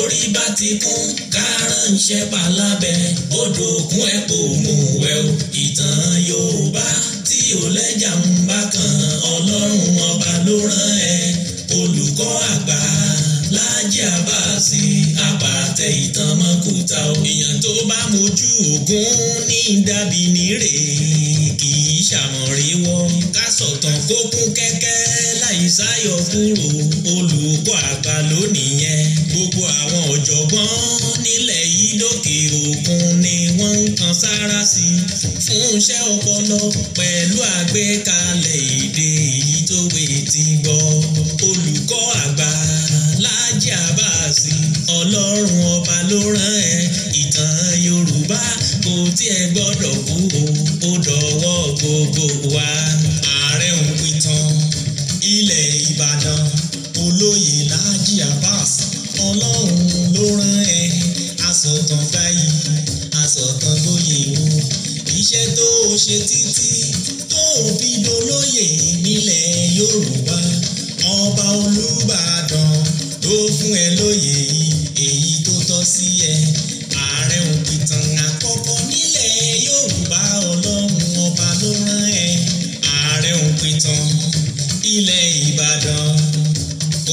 orí bá ti kún kárànṣẹ́ palábẹ́ odò òkun ẹ̀pọ̀ òmùwẹ̀ o ìtàn Yorùbá tí ò lẹ́jà ń bá kan ọlọ́run ọba ló rán ẹ olùkọ́ àgbà. Láàjì Abbas àpàtẹ ìtàn mọ́kúta èèyàn tó bá mojú ògún ní dàbí nírè kì í ṣàmọ̀ríwọ́ ká sọ̀tàn kó kún kẹ́kẹ́ láì sáyọ kúrò olùkọ́ àgbà lónìyẹn gbogbo àwọn ọ̀jọ̀gbọ́n nílẹ̀ yìí lókè òkun ni wọ́n ń kan sára sí fún iṣẹ́ ọpọlọ pẹ̀lú àgbékalẹ̀ èdè èyí tó wé e ti gbọ́ olùkọ́ àgbà láti aláàjì àbáàsì ọlọ́run ọba ló rán ẹ ìtàn yorùbá kò tiẹ̀ gbọ́dọ̀ kú o ó dọ̀wọ́ gbogbo wa. ààrẹ ń pìtàn ilẹ̀ ìbàdàn olóyè láàjì abbas ọlọ́run ló rán ẹ asọ̀tàn fáyì asọ̀tàn lóye o iṣẹ́ tó o ṣe títí tó o fi dolóyè nílẹ̀ yorùbá ọba olúbàdàn ó fún ẹ lóye yìí èyí tó tọ́ sí ẹ ààrẹ òpìtàn àkọ́kọ́ nílẹ̀ Yorùbá ọlọ́run ọba ló rán ẹ ààrẹ òpìtàn ilẹ̀ Ìbàdàn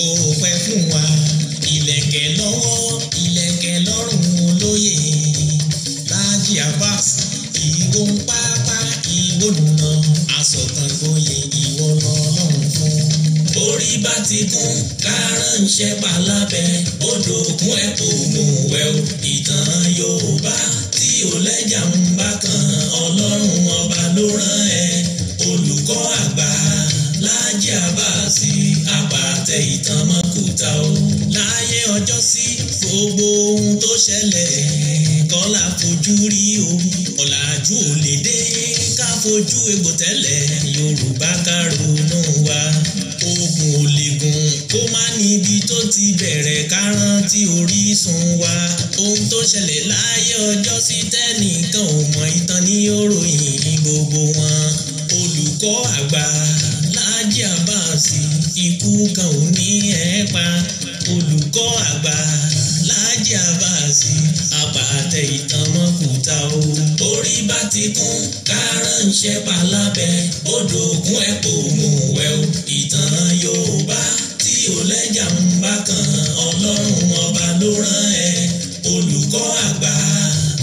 ó pẹ́ fún wa ìlẹ̀kẹ̀ lọ́wọ́ ìlẹ̀kẹ̀ lọ́rùn olóyè Láàjì Abbas ìwò ń pápá ìwò nùnà yìí bí bá ti kún kárànṣẹ́ palábẹ́ odò òkun ẹ̀ kò mú wẹ̀ o. ìtàn Yorùbá tí ò lẹ́jà ń bá kan ọlọ́run ọba ló rán ẹ olùkọ́ àgbà Láàjì Àbáàsì àpàtẹ ìtàn mọ́kúta o. láyé ọjọ́ sí gbogbo ohun tó ṣẹlẹ̀ kọ́lá fojú rí o ọ̀làjú ò lè dé ká fojú ewu. gbogbo wọn olùkọ́ àgbà Láàjì Abbas ikú kan ò ní ẹ pa olùkọ́ àgbà Láàjì Abbas apàtẹ ìtàn mọ́kúta o. orí bá ti kún kárànṣẹ́ palábẹ́ odò ògùn ẹ̀ kò mú wẹ́ o ìtàn Yorùbá tí ò lẹ́jà ń bá kan Ọlọ́run ọba ló rán ẹ olùkọ́ àgbà.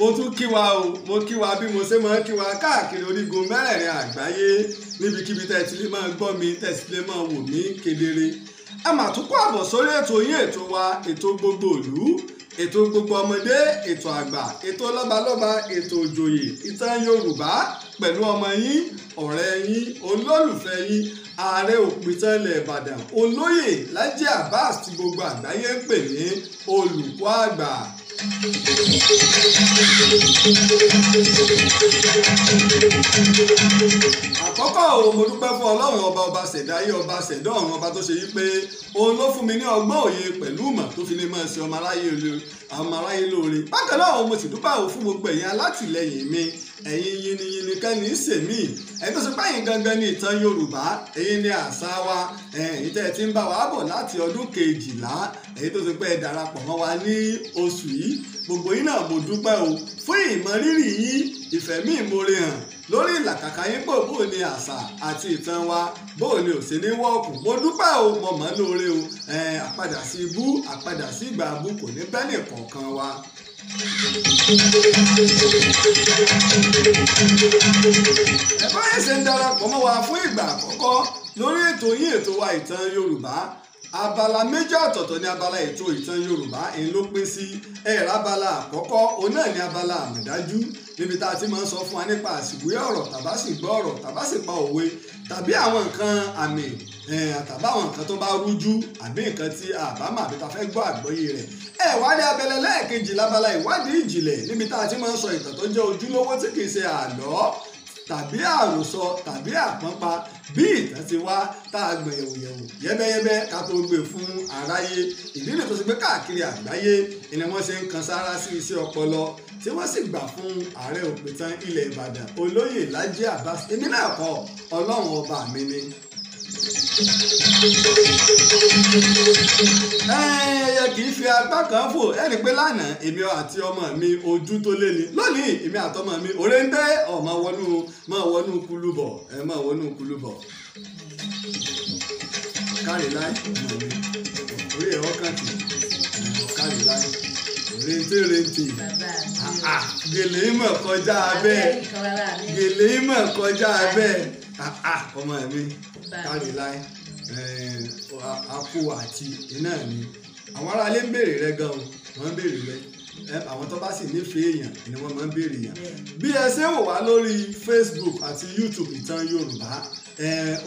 mo tún kí wa o mo kí wa bí mo ṣe máa ń kí wa káàkiri orígun mẹ́rẹ̀ẹ̀rin àgbáyé níbikíbi tẹ́ ẹ ti lè máa gbọ́ mi tẹ́ ẹ ti lè máa wò mí kedere ẹ mà tún kó àbọ̀ sórí ètò yín ètò wa ètò gbogbo ìlú ètò gbogbo ọmọdé ètò àgbà ètò lọ́balọ́ba ètò òjòyè ìtàn Yorùbá pẹ̀lú ọmọ yín ọ̀rẹ́ yín olólùfẹ́ yín ààrẹ òpìtàn Ìbàdàn olóyè Lájí Abbas tí gbogbo àgbáyé ń pè ní olùkọ́ àgbà àkọ́kọ́ o mo dúpẹ́ fún ọlọ́run ọba ọba ṣẹ̀dáyé ọba ṣẹ̀dá ọ̀run ọba tó ṣe yí pé òun ló fún mi ní ọgbọ́n òye pẹ̀lú ìmọ̀ tó fi lè máa ṣe ọmọ aráyé lóore bákan náà mo sì dúpẹ́ òun fún gbogbo ẹ̀yin alátìlẹyìn mi ẹ̀yin yìnyínyìn kan ní í sèmí ẹ̀yin tó ṣe páyìn gangan ní ìtàn yorùbá ẹ̀yin ní àṣà wa ẹ̀yin tẹ́ ti ń bá wa bọ̀ láti ọdún kejìlá ẹ̀yin tó ṣe pé ẹ darapọ̀ mọ́ wa ní oṣù yìí gbogbo yín náà mo dúpẹ́ o fún ìmọrírì yín ìfẹ̀mí ìmoore hàn lórí ìlàkàkà yín pò bóò ni àṣà àti ìtàn wa bóò ni ò sí ní wọ́ọ̀kù mo dúpẹ́ o mo mọ̀ lóore o àpadà sí ibú àpadà sí ìgbà abú kò ní bẹ́ẹ̀ nìkan kan wa ẹ̀kọ́ ẹ̀sẹ̀ ń darapọ̀ mọ́ wa fún ìgbà àkọ́kọ́ lórí ètò yín ètò wa ìtàn Yorùbá abala méjì ọ̀tọ̀ọ̀tọ̀ ní abala ètò ìtàn Yorùbá èyí ló pín sí ẹ̀rọ abala àkọ́kọ́ òun náà ní abala àmọ̀dájú níbi tá a ti máa ń sọ fún wa nípa àsìwé ọ̀rọ̀ tàbá sì gbọ́ ọ̀rọ̀ tàbá sì pa òwe tàbí àwọn nǹkan àmì àtàbáwọn nǹkan tó bá rújú àbí nǹkan tí àbámọ̀ àbí ta fẹ́ gbọ́ àgbọ́yé rẹ̀ ẹ wá ní abẹ́lẹ̀ lẹ́ẹ̀kejì lábala ìwádìí ìjìnlẹ̀ níbi tá a ti máa ń sọ ìtàn tó jẹ́ ojúlówó tí kì í ṣe àlọ́ tàbí àròsọ tàbí àpọ́npa bí ìtàn ti wá tá a gbọ̀n yẹ̀wòyẹ̀wò yẹ́bẹ́yẹ́bẹ́ ká tó gbé e fún aráyé ìdí nìkan ti pé káàkiri àgbáyé ni wọ́n ṣe ń kan sára sí iṣẹ́ ọpọlọ tí wọ́n sì gbà fún ààrẹ òpìtàn ilẹ̀ Ìbàdàn olóyè Lájí Abbas èmi náà ọlọ́run ọba mi ni ẹyẹ kì í fi apá kan fò ẹni pé lánàá èmi àti ọmọ mi ojú tó lé ni lónìí èmi àtọmọ mi òré ń dé ọmọ wọnú mọ wọnú kulubọ ẹ mọ wọnú kulubọ kárí láì ọmọ mi orí ẹ ọkàn tì kárí láì rente rente ah, ah. gèlè mọ kọjá abẹ gèlè mọ kọjá abẹ. Ah, ah, ọmọ mi káre láì àpò àti iná mi àwọn aráalé ń béèrè rẹ gan o wọ́n ń béèrè rẹ àwọn tó bá sì nífẹ̀ẹ́ èèyàn ni wọ́n máa ń béèrè yàn bí ẹ ṣe wò wá lórí Facebook àti YouTube Ìtàn Yorùbá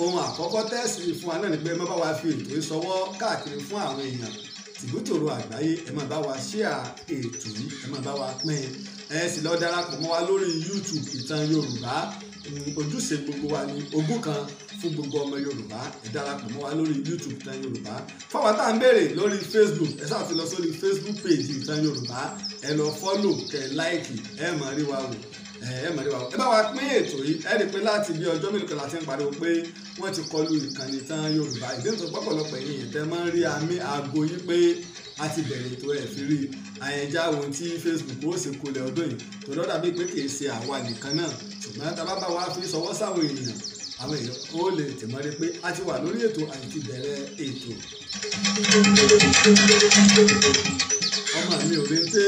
ohun àkọ́kọ́ tẹ́sí fún wa náà ni pé ẹ má bá wa fi ètò ìsọwọ́ káàkiri fún àwọn èèyàn tìbútòrò àgbáyé ẹ má bá wa ṣíà ètò yìí ẹ má bá wa pín in ẹ sì lọ darapọ̀ mọ́ wa lórí YouTube Ìtàn Yorùbá ojúṣe gbogbo wa ni ogún kan fún gbogbo ọmọ yorùbá ẹ darapọ̀ mọ́ wa lórí youtube ìtàn yorùbá fáwọn tá à ń béèrè lórí facebook ẹ sáà ti lọ sórí facebook page ìtàn yorùbá ẹ lọ follow kẹ láìkì ẹ mọ̀ rí wa wò ẹ mọ̀ nípa ẹ bá wa pín ètò yìí ẹ rí i pé láti bí ọjọ́ mélòó kan la ti ń pariwo pé wọ́n ti kọlu ìkànnì tán Yorùbá ìdí nítorí pọ̀pọ̀lọpọ̀ èyí yẹn tẹ́ máa ń rí àmì aago yìí pé a ti bẹ̀rẹ̀ ètò ẹ̀ fi rí àyẹ̀já ohun tí Facebook ó sì kulẹ̀ ọdún yìí tó lọ́dà bíi pé kìí ṣe àwa nìkan náà ṣùgbọ́n tá a bá wa fi sọwọ́ sáwọn èèyàn àwọn èèyàn ó lè tìmọ́lé pé a ti wà lórí ètò àti ti bẹ̀rẹ̀ ètò. ọmọ mi ò rente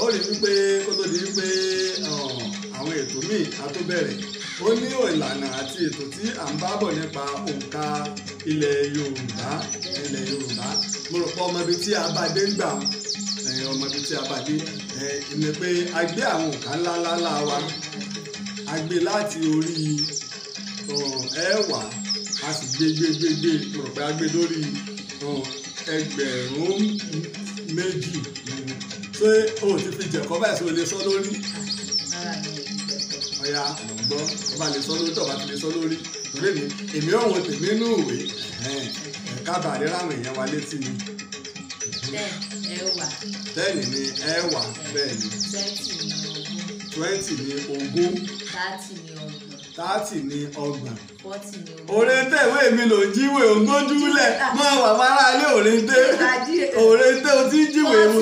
ó rí wípé kó tó di wípé àwọn ètò míì á tó bẹ̀rẹ̀ ó ní ìlànà àti ètò tí à ń bá bọ̀ nípa òǹkà ilẹ̀ yorùbá ilẹ̀ yorùbá mo rò pé ọmọ ibi tí a bá dé ń gbà ọmọ ibi tí a bá dé ni pé a gbé àwọn òǹkà ńláńlá wa a gbé láti orí ẹ̀wá a sì gbé gbé gbé gbé mo rò pé a gbé lórí ẹgbẹ̀rún méjì ṣé o ti fi jẹ̀kọ́ báyìí sí o lè sọ lórí ọ̀ya gbọ́ ó bá lè sọ lórí tó bá ti lè sọ lórí torí mi èmi ò tèmi nínú ìwé ẹ̀ka bàdé ráwọn èèyàn wa létí ni. tẹ́ẹ̀nì ni ẹ̀wà bẹ́ẹ̀ ni twenty ni ogún thirty ni ọgbọ̀n rìpọ́tì ni o. òrèǹtẹ̀ ìwé mi ló jíwèé ogójúlẹ̀ ah. máa wà mára ilé òrèǹtẹ̀ òrèǹtẹ̀ o ti jíwèé mu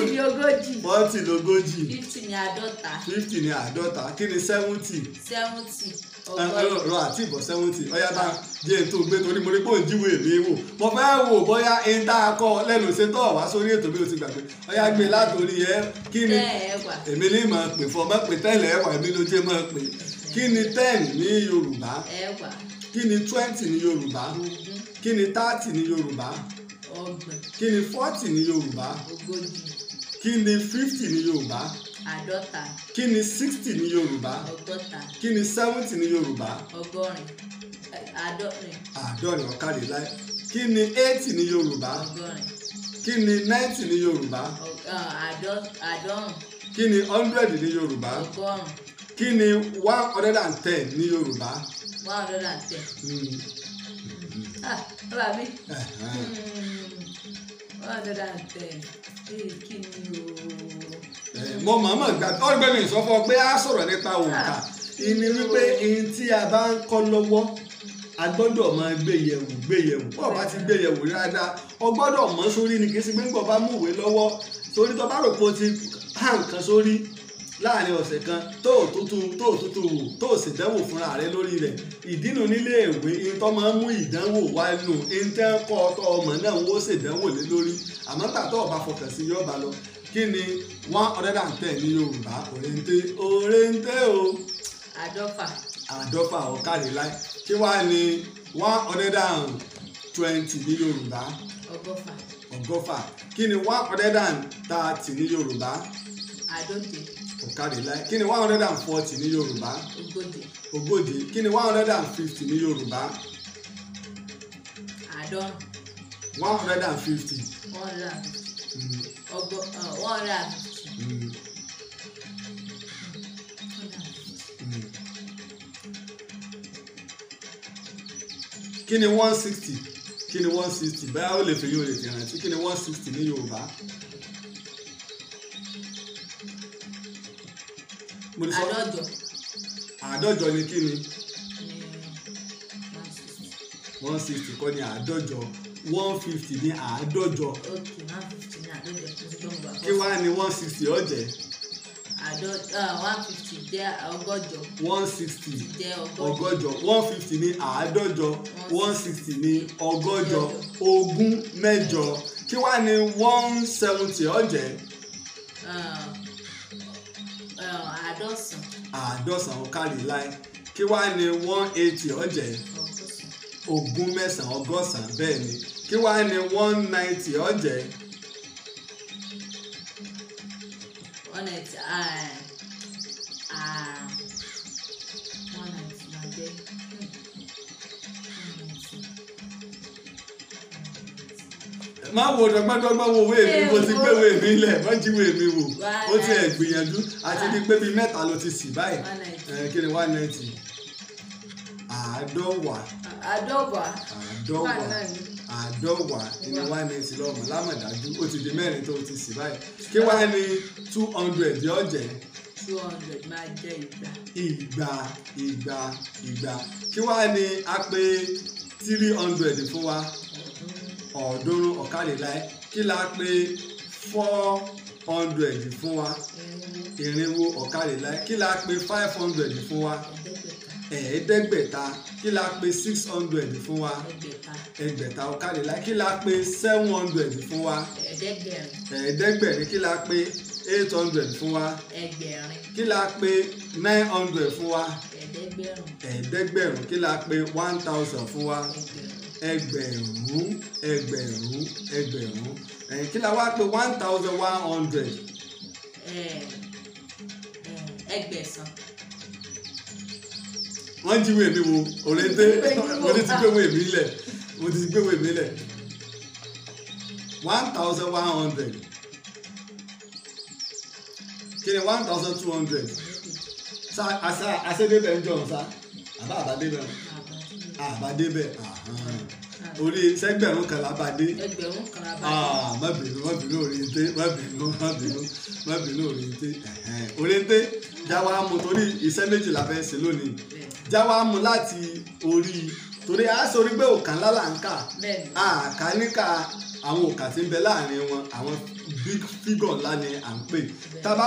fọ́ọ̀tì lógójì fífítì ní àádọ́ta fífítì ní àádọ́ta kí ni sẹ́wùntì. sẹ́wùntì ah, ọgọ́rùn-ún rọ àti ìbọ̀ sẹ́wùntì ọ̀yá bá díẹ̀ tó gbé torí mo rí pé ò ń jíwèé mi wò mo fẹ́ wò bóyá ń tá a kọ lẹ́nu ṣe tọ̀ wá sórí ètò bí o ti gbàgbé ọ̀yá gbé látòrí ẹ kí ni èmi ní máa pè fọ́ mọ́ pé tẹ́lẹ̀ ẹ̀wà èmi ló jẹ́ máa pè kí ni ten ní Yorùbá. ẹ̀wà kí ni twenty ní yorùbá kí ni thirty ní yorùbá kí ni forty ní yorùbá kí ni fifty ní yorùbá àádọ́ta kí ni sixty ní yorùbá ọgọ́ta kí ni seventy ní yorùbá ọgọ́rin àádọ́rin àádọ́rin ọ̀kadì láì kí ni eighty ní yorùbá ọgọ́rin kí ni ninety ní yorùbá àádọ́rùn kí ni hundred ní yorùbá ọgọ́rùn kí ni one hundred and ten ní yorùbá one hundred and ten. ah bàbá mi one hundred and ten ee kí ni o. mo màmá gba ọgbẹ́ mi sọ fún ọ pé a sọ̀rọ̀ nípa òǹkà ah. ìní wípé ihun tí a bá ń kọ́ lọ́wọ́ a gbọ́dọ̀ máa gbéyẹ̀wò gbéyẹ̀wò bọ́ọ̀ bá ti gbéyẹ̀wò dáadáa ọ gbọ́dọ̀ mọ̀ sórí ni kì í ṣe pé ń bọ̀ bá mú ìwé lọ́wọ́ sórí tó bá rò pé o ti hàn kan sórí láàrin ọ̀sẹ̀ kan tó òtútù tó òtútù wò tó òsèdánwò fúnra rẹ lórí rẹ̀ ìdínú nílé ìwé ìtọ́ máa ń mú ìdánwò wá nù ìtẹ́ ń kọ́ ọtọ́ ọmọ náà ń wó sèdánwò lé lórí àmọ́ tàtọ́ ọba fọkàn sí yọba lọ kí ni one hundred and ten ní yorùbá òrèǹté òrèǹté o. àdọ́fà. àdọ́fà ọ̀kadì láì kí wàá ní one hundred and twenty ní yorùbá. ọgọ́fà. ọgọ́fà kí ni one hundred and thirty ní yorùbá. àádọ́je ọ̀kadì láì kí ni one hundred and forty ní yorùbá ogójì ogójì kí ni one hundred and fifty ní yorùbá àádọ́rùn one hundred and fifty one hundred and mm. uh, one hundred and fifty. Mm. Mm. kí ni one sixty kí ni one sixty báyà ó lè fi yóò lè fi hàn sí kí ni one sixty ní yorùbá. àádọ́jọ. àádọ́jọ ni kí ni eh, one sixty kọ́ ni àádọ́jọ one fifty ní àádọ́jọ. kí wá ni one sixty ọ̀jẹ̀. Ah, one fifty jẹ́ ọgọ́jọ. one sixty jẹ́ ọgọ́jọ one fifty ní àádọ́jọ one sixty ní ọgọ́jọ ogún mẹ́jọ kí wá ni one seventy ọ̀jẹ̀ àádọ́sàn. àádọ́sàn ọ̀kadì láì kí wá ní one eighty ọ̀jẹ̀ ogún mẹ́sàn-án ọgọ́sàn-án bẹ́ẹ̀ ni kí wá ní one ninety ọ̀jẹ̀. one eighty ah ah one ninety máa má wo dọ́gbọ́dọ́gbọ́ wo wé mi mo ti gbé wé mi lẹ̀ má jí wé mi wò ó ti ẹ̀ gbìyànjú àti bíi pé bíi mẹ́ta ló ti sì báyìí kí ni one ninety àádọ́wà àádọ́wà àádọ́wà àádọ́wà ní one ninety lọ́mọ lámọ̀dájú ó ti di mẹ́rin tó ti sì báyìí kí wàá ní two hundred yóò jẹ́ two hundred máa jẹ́ ìgbà. ìgbà ìgbà ìgbà kí wàá ní a pé three hundred fún wa ọ̀ọ́dúnrún ọ̀kàléláì kí la pé four hundred fún wa irinwó ọ̀kàléláì kí la pé five hundred fún wa ẹ̀ẹ́dẹ́gbẹ̀ta kí la pé six hundred fún wa ẹgbẹ̀ta ọ̀kàléláì kí la pé seven hundred fún wa ẹ̀ẹ́dẹ́gbẹ̀rin kí la pé eight hundred fún wa kí la pé nine hundred fún wa ẹ̀ẹ́dẹ́gbẹ̀rún kí la pé one thousand fún wa ẹgbẹ̀rún ẹgbẹ̀rún ẹgbẹ̀rún ẹ̀yìn kí la wá pé one thousand one hundred. ẹgbẹ̀sán. wọ́n jí wèmí wo òrèǹté mo ti gbé wèmí lẹ̀ mo ti gbé wèmí lẹ̀ one thousand one hundred kí ni one thousand two hundred sa asa asedebe njọ nsa àbá àbádébẹ̀ àbádébẹ̀ àhán orí sẹ́gbẹ̀rún kan lábàdé ẹgbẹ̀rún kan lábàdé ah, má bínú má bínú òrìǹté má bínú má bínú má bínú òrìǹté òrìǹté jáwá mu torí iṣẹ́ méjì la fẹ́ ṣe lónìí jáwá mu láti orí torí a sori pé òkà ńlá là ń kà àkà níkà àwọn òkà tí ń bẹ láàrin wọn àwọn big figure ńlá ni à ń pè tábà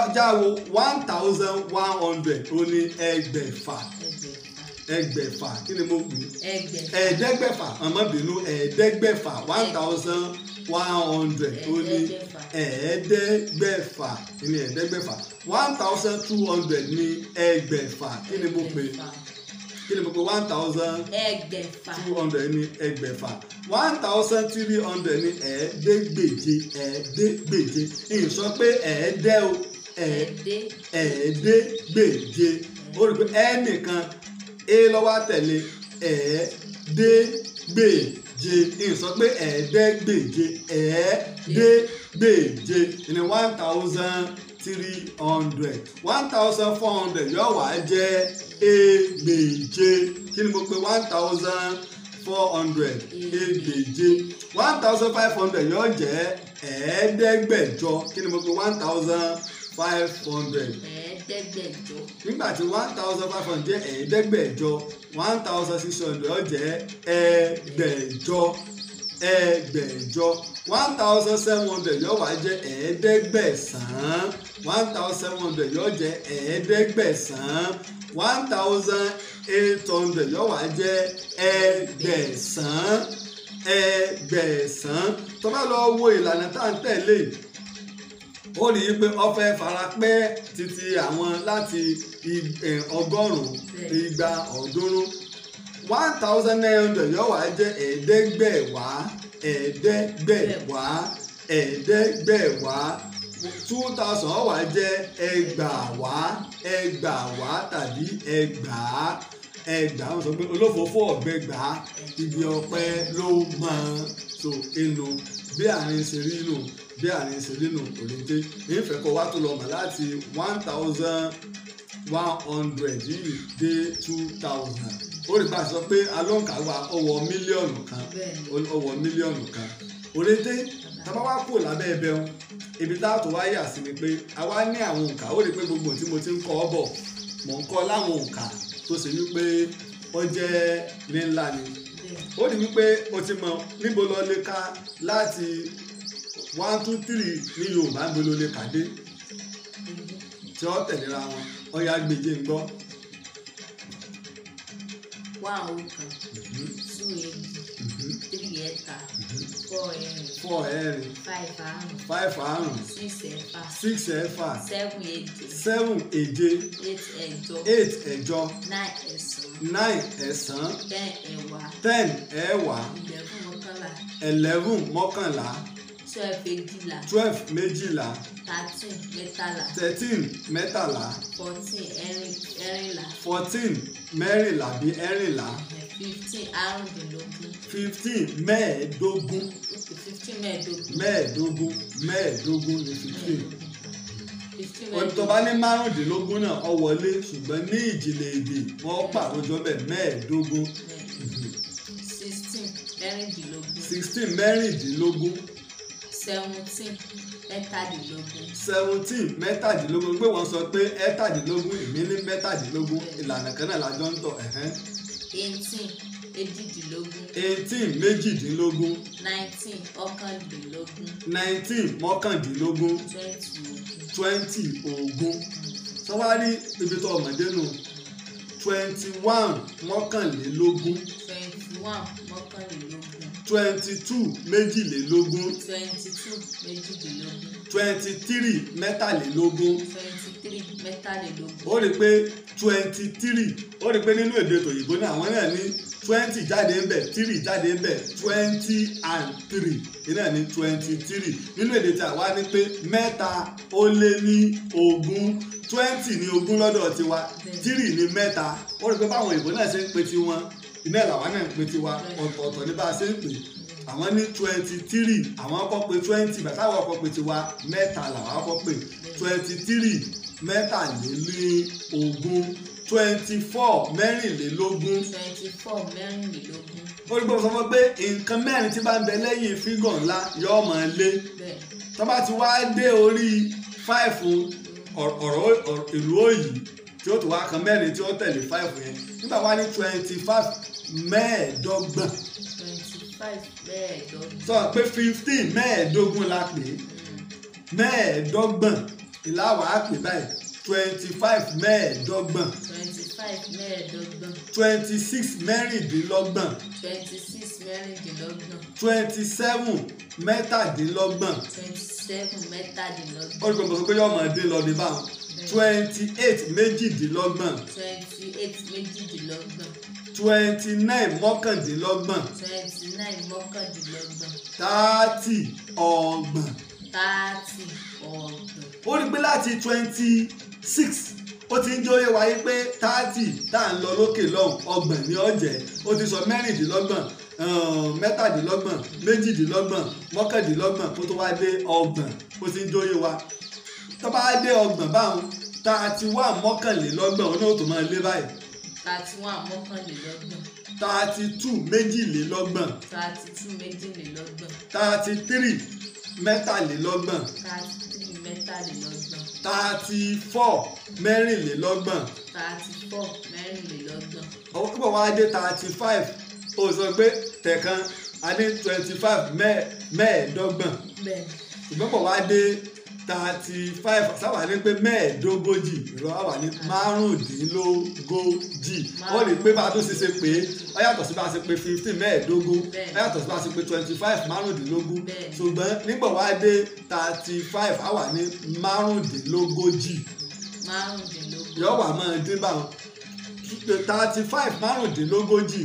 one thousand one hundred ó ní ẹgbẹ̀fà ẹgbẹ̀fà kí ni mo pè é ẹ̀ẹ́dẹ́gbẹ̀fà àmọ́ bínú ẹ̀ẹ́dẹ́gbẹ̀fà one thousand one hundred ó ní ẹ̀ẹ́dẹ́gbẹ̀fà kí ni ẹ̀ẹ́dẹ́gbẹ̀fà one thousand two hundred ní ẹgbẹ̀fà kí ni mo pè kí ni mo pè one thousand two hundred ní ẹgbẹ̀fà one thousand three hundred ní ẹ̀ẹ́dẹ́gbèje ẹ̀ẹ́dẹ́gbèje ìsọ pé ẹ̀ẹ́dẹ́ o ẹ̀ẹ́dẹ́gbèje ó rí pé ẹnìkan e lọ́wọ́ àtẹ̀lé ẹ̀ẹ́dẹ́gbèje n sọ pé ẹ̀ẹ́dẹ́gbèje ẹ̀ẹ́dẹ́gbèje ní one thousand three hundred one thousand four hundred yóò wá jẹ́ ẹgbèje kí ni mo pè one thousand four hundred ẹgbèje one thousand five hundred yóò jẹ́ ẹ̀ẹ́dẹ́gbẹ̀jọ kí ni mo pè one thousand five hundred ẹ̀ẹ́dẹ́gbẹ̀jọ. nígbà one thousand five hundred jẹ́ ẹ̀ẹ́dẹ́gbẹ̀jọ one thousand six hundred jẹ́ ẹ̀ẹ́dẹ́jọ ẹ̀ẹ́dẹ́jọ one thousand seven hundred yóò wá jẹ́ ẹ̀ẹ́dẹ́gbẹ̀sán one thousand seven hundred yóò jẹ́ ẹ̀ẹ́dẹ́gbẹ̀sán one thousand eight hundred yóò wá jẹ́ ẹ̀ẹ́dẹ̀sán ẹ̀ẹ́dẹ̀sán tó bá lọ wo ìlànà tá à ń tẹ̀lé ó rí i pé ọfẹ́ farapẹ́ títí àwọn láti ọgọ́rùn-ún igba ọ̀ọ́dúnrún one thousand nine hundred yóò wá jẹ́ ẹ̀ẹ́dẹ́gbẹ̀wá ẹ̀ẹ́dẹ́gbẹ̀wá ẹ̀ẹ́dẹ́gbẹ̀wá two thousand ó wá jẹ́ ẹgbàwá ẹgbàwá tàbí ẹgbàá ẹgbàá wọn sọ pé olófòófó ọ̀gbẹ́gbàá ibi ọpẹ́ ló mọ̀ so inú bí àárín ṣe rí nù bí àárín selino òrìńté ìfẹ́ kọ́ wá tó lọ láti one thousand one hundred yìí dé two thousand ó rí bá a sọ pé alóǹkà wa ó wọ mílíọ̀nù kan ó wọ mílíọ̀nù kan òrìńté tàbá wá kúrò lábẹ́ ẹbẹ̀ wọn ibi táàtò wá yà sí ni pé a wá ní àwọn òǹkà ó rí pé gbogbo tí mo ti ń kọ́ ọ bọ̀ mò ń kọ́ láwọn òǹkà tó ṣe wípé ó jẹ́ ní ńlá ni ó rí wípé o ti mọ níbo lọ lè ka láti one two three ní yorùbá ń bolo lè kàdé tí ó tẹ̀léra wọn ọyà gbèjè ń gbọ́. wá àwọn kan sún èyí three ẹ̀ta four ẹ̀rin five àrùn six ẹ̀fà seven èje seven èje eight ẹ̀jọ nine ẹ̀sán ten ẹ̀wá eleven mọ́kànlá eleven mọ́kànlá twelve èjìlá. twelve méjìlá. thirteen mẹ́tàlá. thirteen mẹ́tàlá. fourteen ẹ̀rìnlá. fourteen mẹ́rìnlá bí ẹ̀rìnlá. fifteen àrùndínlógún. fifteen mẹ́ẹ̀ẹ́dógún. fifteen mẹ́ẹ̀ẹ́dógún. mẹ́ẹ̀ẹ́dógún mẹ́ẹ̀ẹ́dógún ni fifteen tó bá ní márùndínlógún náà ọ wọlé ṣùgbọ́n ní ìjìnlẹ̀ èdè wọ́n pàrọ̀jọ bẹ̀ mẹ́ẹ̀ẹ́dógún. sixteen mẹ́rìndínlógún. sixteen mẹ́rìndínlógún seventeen mẹ́tàdínlógún. seventeen mẹ́tàdínlógún pé wọ́n sọ pé ẹ́tàdínlógún èmi ní mẹ́tàdínlógún ìlànà kan náà lájọ ń tọ̀. eighteen méjìdínlógún. eighteen méjìdínlógún. nineteen ọ̀kàndínlógún. nineteen mọ́kàndínlógún. twenty ogún. sọ́wárí ibi tó ọmọdé nù twenty one mọ́kànlélógún. twenty one mọ́kànlélógún twenty two méjìlélógún. twenty twenty three mẹ́tàlélógún. twenty three ó rí pé twenty three ó rí i pé nínú èdè tòyìnbó ní àwọn náà ní twenty jáde ń bẹ̀ three jáde ń bẹ̀ twenty and three iná ní twenty three nínú èdè tí àwa ní pé mẹ́ta ó lé ní ogún twenty ní ogún lọ́dọ̀ tiwa three ní mẹ́ta ó rí i pé báwọn òyìnbó náà ṣe ń pe tiwọn iná làwa náà ń pe tiwa ọ̀tọ̀ọ̀tọ̀ ní bá a ṣe ń pè àwọn ní twenty three àwọn kọ́ pé twenty bàtà àwọn kọ́ pé tiwa mẹ́ta làwọn kọ́ pé twenty three mẹ́tàlélógún twenty four mẹ́rìnlélógún. twenty four mẹ́rìnlélógún. ó rí gbọ́dọ̀ sọ fún pé nǹkan mẹ́rin tí bá ń bẹ lẹ́yìn fígọ̀ ńlá yóò máa lé tó bá ti wá dé orí five ọ̀rọ̀ ìlú òyìn tí ó tún wá kan mẹ́rin tí ó tẹ̀lé five yẹn nígbà wá ní twenty five mẹ́ẹ̀ẹ́dọ́gbọ̀n sọ pé fifteen mẹ́ẹ̀ẹ́dógún la pè é hmm. mẹ́ẹ̀ẹ́dọ́gbọ̀n ìlàwọ̀ á pè báyìí twenty five mẹ́ẹ̀ẹ́dọ́gbọ̀n twenty five mẹ́ẹ̀ẹ́dọ́gbọ̀n twenty six mẹ́rìndínlọ́gbọ̀n twenty six mẹ́rìndínlọ́gbọ̀n twenty seven mẹ́tàdínlọ́gbọ̀n twenty seven mẹ́tàdínlọ́gbọ̀n. ó ní kò mọ̀ pé yóò mọ̀ dín lọ ní báwọn twenty eight méjìdínlọ́gbọ̀n. twenty eight méjìdínlọ́gbọ̀n. twenty nine mọ́kàndínlọ́gbọ̀n. twenty nine mọ́kàndínlọ́gbọ̀n. thirty ọgbọ̀n. thirty ọgbọ̀n. ó rí i pé láti twenty six ó ti ń jóye wáyé pé thirty tá à ń lọ lókè lọ́hùn ọgbọ̀n ni ó jẹ́ ó ti sọ mẹ́rìndínlọ́gbọ̀n eh, mẹ́tàdínlọ́gbọ̀n méjìdínlọ́gbọ̀n mọ́kàndínlọ́gbọ̀n kó tó wá dé ọgbọ̀n ó ti ń jóye wa tó bá dé ọgbọ̀n báwọn tá a ti wá mọ́kànlélọ́gbọ̀n oní òtò máa lé báyìí. tá a ti wá mọ́kànlélọ́gbọ̀n. thirty two méjìlélọ́gbọ̀n. thirty two méjìlélọ́gbọ̀n. thirty three mẹ́tàlélọ́gbọ̀n. thirty three mẹ́tàlélọ́gbọ̀n. thirty four mẹ́rìnlélọ́gbọ̀n. thirty four mẹ́rìnlélọ́gbọ̀n. ọwọ́ púpọ̀ wá dé thirty five ó sọ pé tẹ̀kan a ní twenty five mẹ́ẹ̀ẹ́dọ́gbọ̀n. bẹ́ẹ̀. ìgbọ́pọ̀ wá dé thirty five sábà ní pé mẹ́ẹ̀ẹ́dógójì ìrọ̀ àwà ní márùndínlógójì wọ́n lè pé bá a tó ṣe ṣe pé ó yàtọ̀ sí bá a ṣe pé fifteen mẹ́ẹ̀ẹ́dógún ó yàtọ̀ sí bá a ṣe pé twenty five márùndínlógún ṣùgbọ́n nígbà wá dé thirty five àwà ní márùndínlógójì yóò wà máa dín báwọn thirty five márùndínlógójì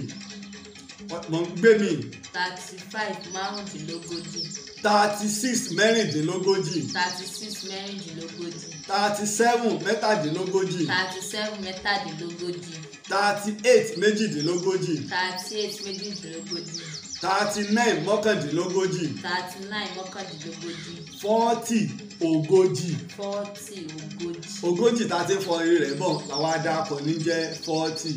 mọ̀ ń gbé mi. thirty five márùndínlógójì thirty six mẹ́rìndínlógójì. thirty six mẹ́rìndínlógójì. thirty seven mẹ́tàdínlógójì. thirty seven mẹ́tàdínlógójì. thirty eight méjìdínlógójì. thirty eight méjìdínlógójì. thirty nine mọ́kàndínlógójì. thirty nine mọ́kàndínlógójì. forty ogójì. forty ogójì. ogójì tá a ti fọ eré rẹ̀ bọ̀ làwọn adáko ní jẹ́ forty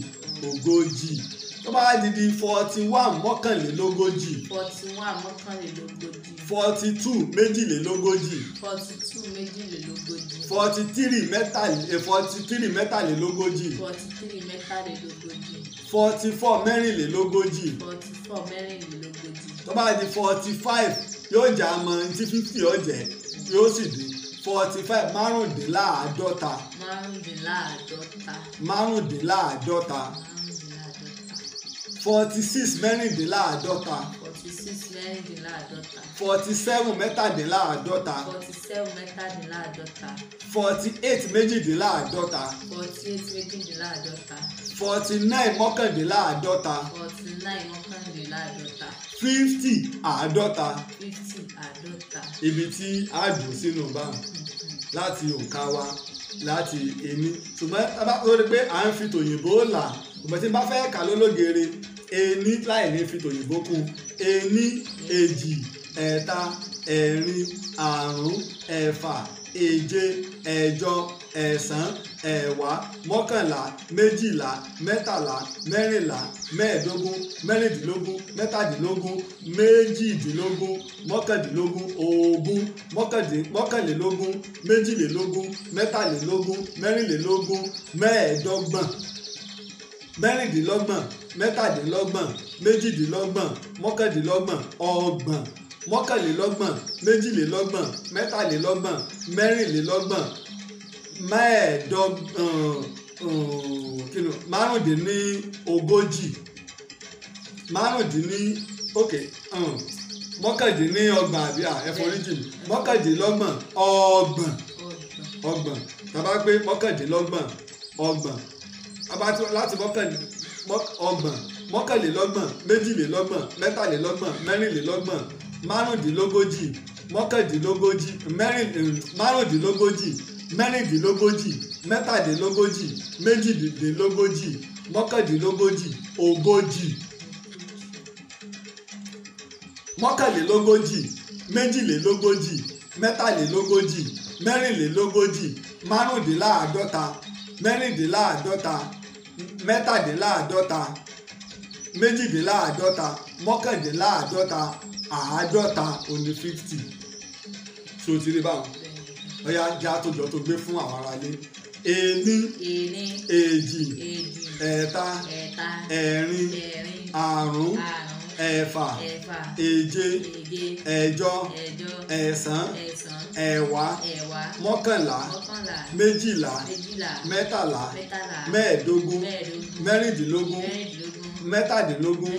ogójì. Mm -hmm tó bá di di forty one mọ́kànlélógójì. forty one mọ́kànlélógójì. forty two méjìlélógójì. forty two méjìlélógójì. forty three mẹ́tàlé eh, forty three mẹ́tàlélógójì. forty three mẹ́tàlélógójì. forty four mẹ́rìnlélógójì. forty four mẹ́rìnlélógójì. tó bá di forty five yóò jẹ́ àmọ́ ntí fifty ọ̀jẹ̀ yóò sì di forty five márùndínláàádọ́ta. márùndínláàádọ́ta. márùndínláàádọ́ta. márùndínláàádọ́ta forty six mẹ́rìndínláàádọ́ta. forty six mẹ́rìndínláàádọ́ta. forty seven mẹ́tàdínláàádọ́ta. forty seven mẹ́tàdínláàádọ́ta. forty eight méjìdínláàádọ́ta. forty eight méjìdínláàádọ́ta. forty nine mọ́kàndínláàádọ́ta. forty nine mọ́kàndínláàádọ́ta. fifty àádọ́ta. fifty àádọ́ta. ibi tí a dùn sínú báwọn mm-hmm. láti òǹkà wa láti ení ṣùgbọ́n ó rí pé à ń fi tòyìnbó là ṣùgbọ́n tí n bá fẹ́ kà lólógere ení láì ní fi tòyìnbó kún ení èjì ẹ̀ta ẹ̀rin àrún ẹ̀fà èje ẹ̀jọ ẹ̀sán ẹ̀wá mọ́kànlá méjìlá mẹ́tàlá mẹ́rìnlá mẹ́ẹ̀ẹ́dógún mẹ́rìndínlógún mẹ́tàdínlógún méjìdínlógún mọ́kàndínlógún ogún mọ́kànlélógún méjìlélógún mẹ́tàlélógún mẹ́rìnlélógún mẹ́ẹ̀ẹ́dọ́gbọ̀n mẹ́rìndínlọ́gbọ̀n mẹ́tàdínlọ́gbọ̀n méjìdínlọ́gbọ̀n mọ́kàndínlọ́gbọ̀n ọgbọ̀n mọ́kànlélọ́gbọ̀n méjìlélọ́gbọ̀n mẹ́tàlélọ́gbọ̀n mẹ́rìnlélọ́gbọ̀n mẹ́ẹ̀ẹ́dọ́gbọ̀n uh, uh, márùndínlógójì márùndínlí ok um, mọ́kàndínlọ́gbọ̀n àbí ẹ̀fọ́ríjì mọ́kàndínlọ́gbọ̀n ọgbọ̀n ọgbọ̀n tàbá pé mọ́kàndínlọ́gbọ̀n ọgbọ̀n abati láti mọ́kànlé ọgbọ̀n mọ́kànlélọ́gbọ̀n méjìlélọ́gbọ̀n mẹ́tàlélọ́gbọ̀n mẹ́rìnlélọ́gbọ̀n márùndínlógójì mọ́kàndínlógójì eh, márùndínlógójì mẹ́rìndínlógójì mẹ́tàdínlógójì méjìdínlógójì mọ́kàndínlógójì ogójì mọ́kànlélógójì méjìlélógójì mẹ́tàlélógójì mẹ́rìnlélógójì márùndínláàádọ́ta mẹ́rìndínláàádọ́ta mẹ́tàdínláàádọ́ta méjìdínláàádọ́ta mọ́kàndínláàádọ́ta àádọ́ta òní fifty tí o ti rí báwọn ọ̀yà ajá tó jọ tó gbé fún àwọn aráalé ení èjì ẹ̀ta ẹ̀rin àrún ẹ̀fà èje ẹ̀jọ ẹ̀sán ẹ̀wá mọ́kànlá méjìlá mẹ́tàlá mẹ́ẹ̀ẹ́dógún mẹ́rìndínlógún mẹ́tàdínlógún